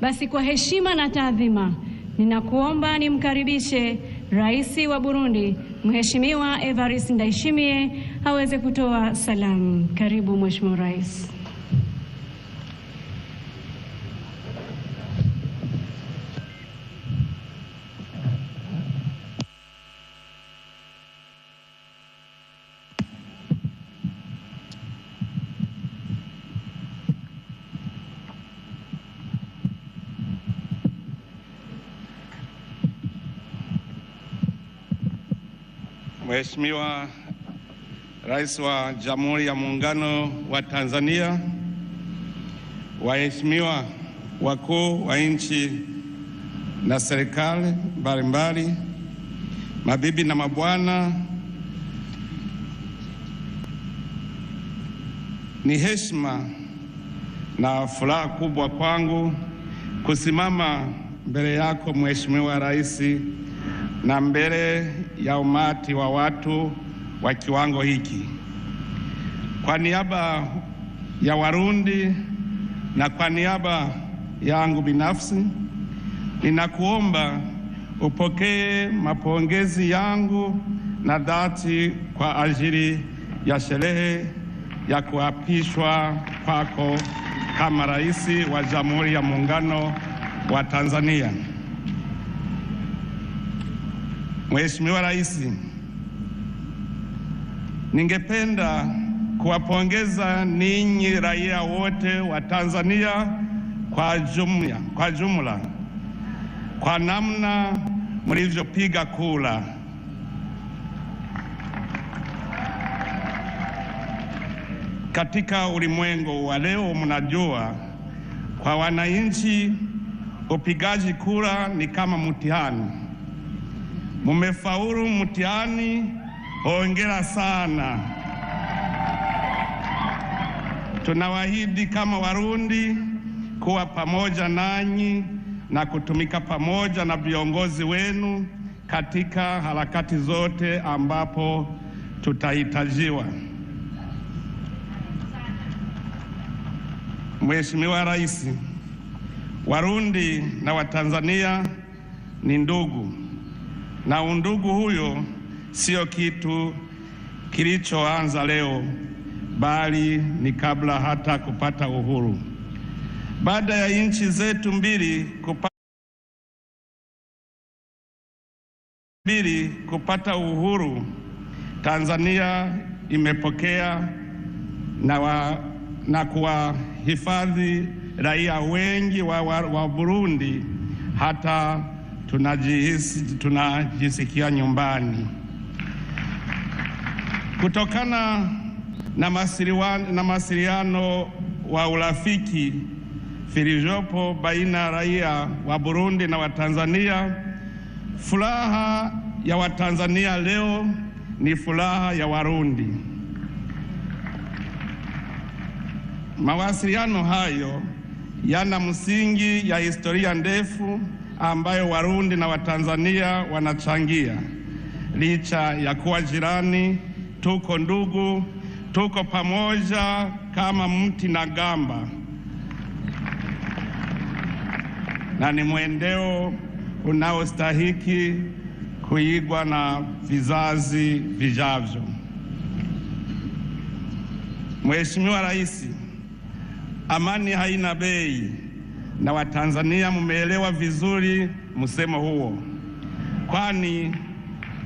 Basi kwa heshima na taadhima, ninakuomba nimkaribishe Rais wa Burundi Mheshimiwa Evariste Ndayishimiye aweze kutoa salamu. Karibu Mheshimiwa Rais. Mheshimiwa Rais wa Jamhuri ya Muungano wa Tanzania, waheshimiwa wakuu wa nchi na serikali mbalimbali, mabibi na mabwana, ni heshima na furaha kubwa kwangu kusimama mbele yako Mheshimiwa Rais na mbele ya umati wa watu wa kiwango hiki. Kwa niaba ya Warundi na kwa niaba yangu binafsi, ninakuomba upokee mapongezi yangu na dhati kwa ajili ya sherehe ya kuapishwa kwako kama rais wa Jamhuri ya Muungano wa Tanzania. Mheshimiwa Rais, ningependa kuwapongeza ninyi raia wote wa Tanzania kwa jumla, kwa jumla kwa namna mlivyopiga kura. Katika ulimwengu wa leo, mnajua kwa wananchi upigaji kura ni kama mtihani Mumefaulu mtihani, hongera sana. Tunawaahidi kama Warundi kuwa pamoja nanyi na kutumika pamoja na viongozi wenu katika harakati zote ambapo tutahitajiwa. Mheshimiwa Rais, Warundi na Watanzania ni ndugu na undugu huyo sio kitu kilichoanza leo, bali ni kabla hata kupata uhuru. Baada ya nchi zetu mbili kupata mbili kupata uhuru, Tanzania imepokea na, wa, na kuwahifadhi raia wengi wa, wa, wa Burundi hata tunajihisi, tunajisikia nyumbani kutokana na mawasiliano wa urafiki vilivyopo baina ya raia wa Burundi na Watanzania. Furaha ya Watanzania leo ni furaha ya Warundi. Mawasiliano hayo yana msingi ya historia ndefu ambayo Warundi na Watanzania wanachangia. Licha ya kuwa jirani, tuko ndugu, tuko pamoja kama mti na gamba, na ni mwendeo unaostahiki kuigwa na vizazi vijavyo. Mheshimiwa Rais, amani haina bei na Watanzania mmeelewa vizuri msemo huo, kwani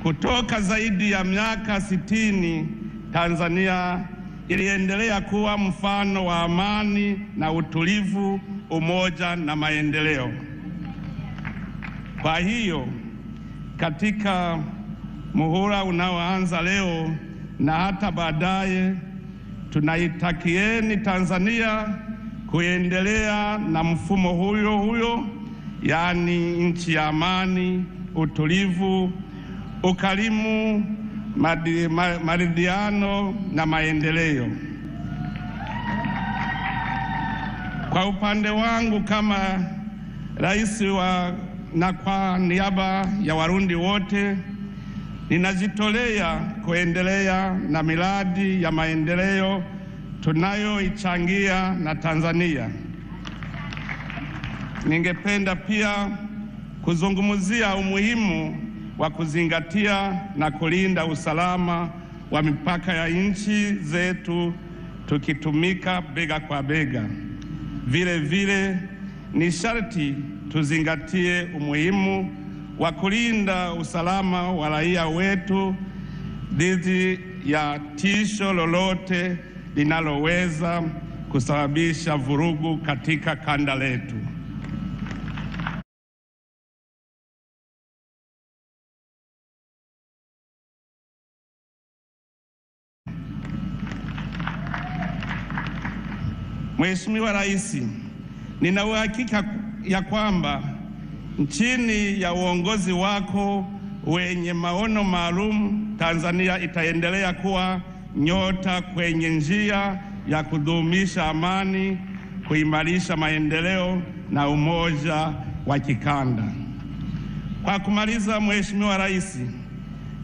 kutoka zaidi ya miaka sitini Tanzania iliendelea kuwa mfano wa amani na utulivu, umoja na maendeleo. Kwa hiyo katika muhula unaoanza leo na hata baadaye, tunaitakieni Tanzania kuendelea na mfumo huyo huyo, yaani nchi ya amani, utulivu, ukarimu, maridhiano na maendeleo. Kwa upande wangu kama rais wa na kwa niaba ya Warundi wote ninajitolea kuendelea na miradi ya maendeleo tunayoichangia na Tanzania. Ningependa pia kuzungumzia umuhimu wa kuzingatia na kulinda usalama wa mipaka ya nchi zetu tukitumika bega kwa bega. Vile vile ni sharti tuzingatie umuhimu wa kulinda usalama wa raia wetu dhidi ya tisho lolote linaloweza kusababisha vurugu katika kanda letu. Mheshimiwa Rais, nina uhakika ya kwamba chini ya uongozi wako wenye maono maalum, Tanzania itaendelea kuwa nyota kwenye njia ya kudumisha amani, kuimarisha maendeleo na umoja wa kikanda. Kwa kumaliza, Mheshimiwa Rais,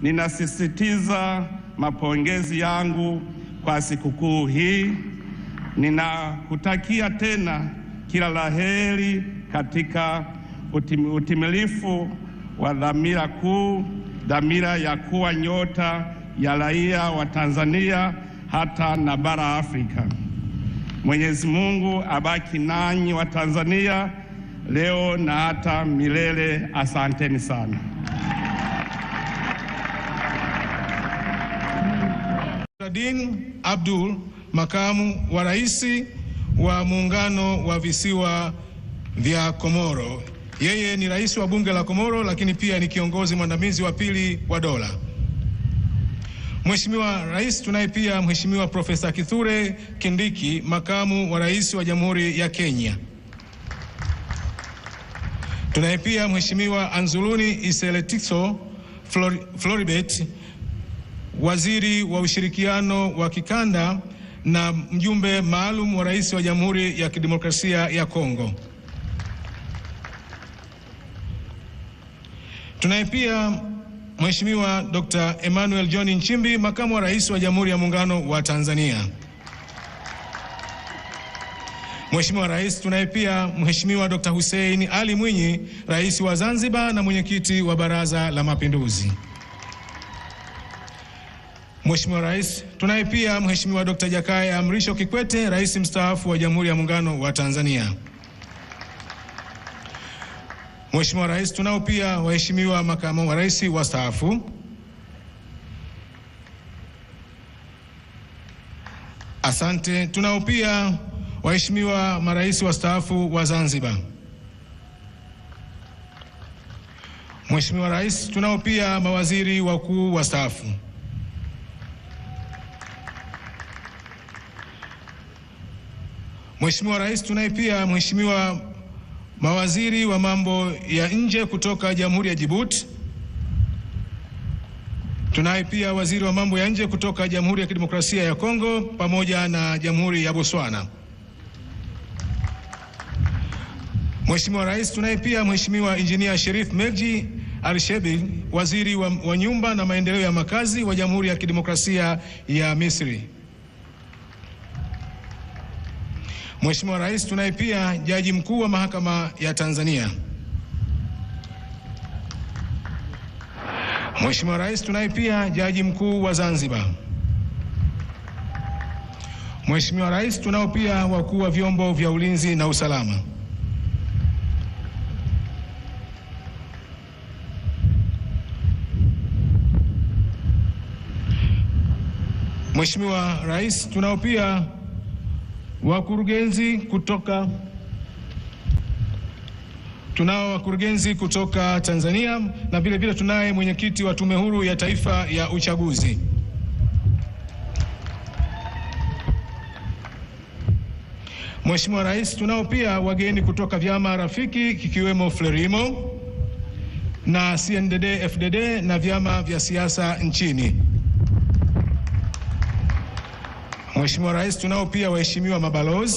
ninasisitiza mapongezi yangu kwa sikukuu hii. Ninakutakia tena kila laheri katika utimilifu wa dhamira kuu, dhamira ya kuwa nyota ya raia wa Tanzania hata na bara Afrika. Mwenyezi Mungu abaki nanyi wa Tanzania leo na hata milele. Asanteni sana. Adin Abdul, makamu wa rais wa muungano wa visiwa vya Komoro. Yeye ni rais wa bunge la Komoro, lakini pia ni kiongozi mwandamizi wa pili wa dola. Mheshimiwa Rais, tunaye pia Mheshimiwa Profesa Kithure Kindiki, makamu wa rais wa Jamhuri ya Kenya. Tunaye pia Mheshimiwa Anzuluni Flor Floribet, waziri wa ushirikiano wa kikanda na mjumbe maalum wa rais wa Jamhuri ya Kidemokrasia ya Kongo. Tunaye pia Mheshimiwa Dr. Emmanuel John Nchimbi, Makamu wa Rais wa Jamhuri ya Muungano wa Tanzania. Mheshimiwa Rais, tunaye pia Mheshimiwa Dr. Hussein Ali Mwinyi, Rais wa Zanzibar na Mwenyekiti wa Baraza la Mapinduzi. Mheshimiwa Rais, tunaye pia Mheshimiwa Dr. Jakaya Mrisho Kikwete, Rais mstaafu wa Jamhuri ya Muungano wa Tanzania. Mheshimiwa Rais. Tunao pia waheshimiwa makamu wa rais wastaafu Asante. Tunao pia waheshimiwa marais wastaafu wa Zanzibar. Mheshimiwa Rais, tunao pia mawaziri wakuu wastaafu. Mheshimiwa Rais, tunaye pia Mheshimiwa mawaziri wa mambo ya nje kutoka Jamhuri ya Djibouti. Tunaye pia waziri wa mambo ya nje kutoka Jamhuri ya Kidemokrasia ya Kongo pamoja na Jamhuri ya Botswana. Mheshimiwa Rais, tunaye pia Mheshimiwa Injinia Sherif Meji Alshebi, waziri wa, wa nyumba na maendeleo ya makazi wa Jamhuri ya Kidemokrasia ya Misri. Mheshimiwa Rais, tunaye pia jaji mkuu wa mahakama ya Tanzania. Mheshimiwa Rais, tunaye pia jaji mkuu wa Zanzibar. Mheshimiwa Rais, tunao pia wakuu wa vyombo vya ulinzi na usalama. Mheshimiwa Rais, tunao pia Wakurugenzi kutoka tunao wakurugenzi kutoka Tanzania na vile vile tunaye mwenyekiti wa Tume Huru ya Taifa ya Uchaguzi. Mheshimiwa Rais, tunao pia wageni kutoka vyama rafiki kikiwemo Frelimo na CNDD-FDD na vyama vya siasa nchini. Mheshimiwa Rais, tunao pia waheshimiwa mabalozi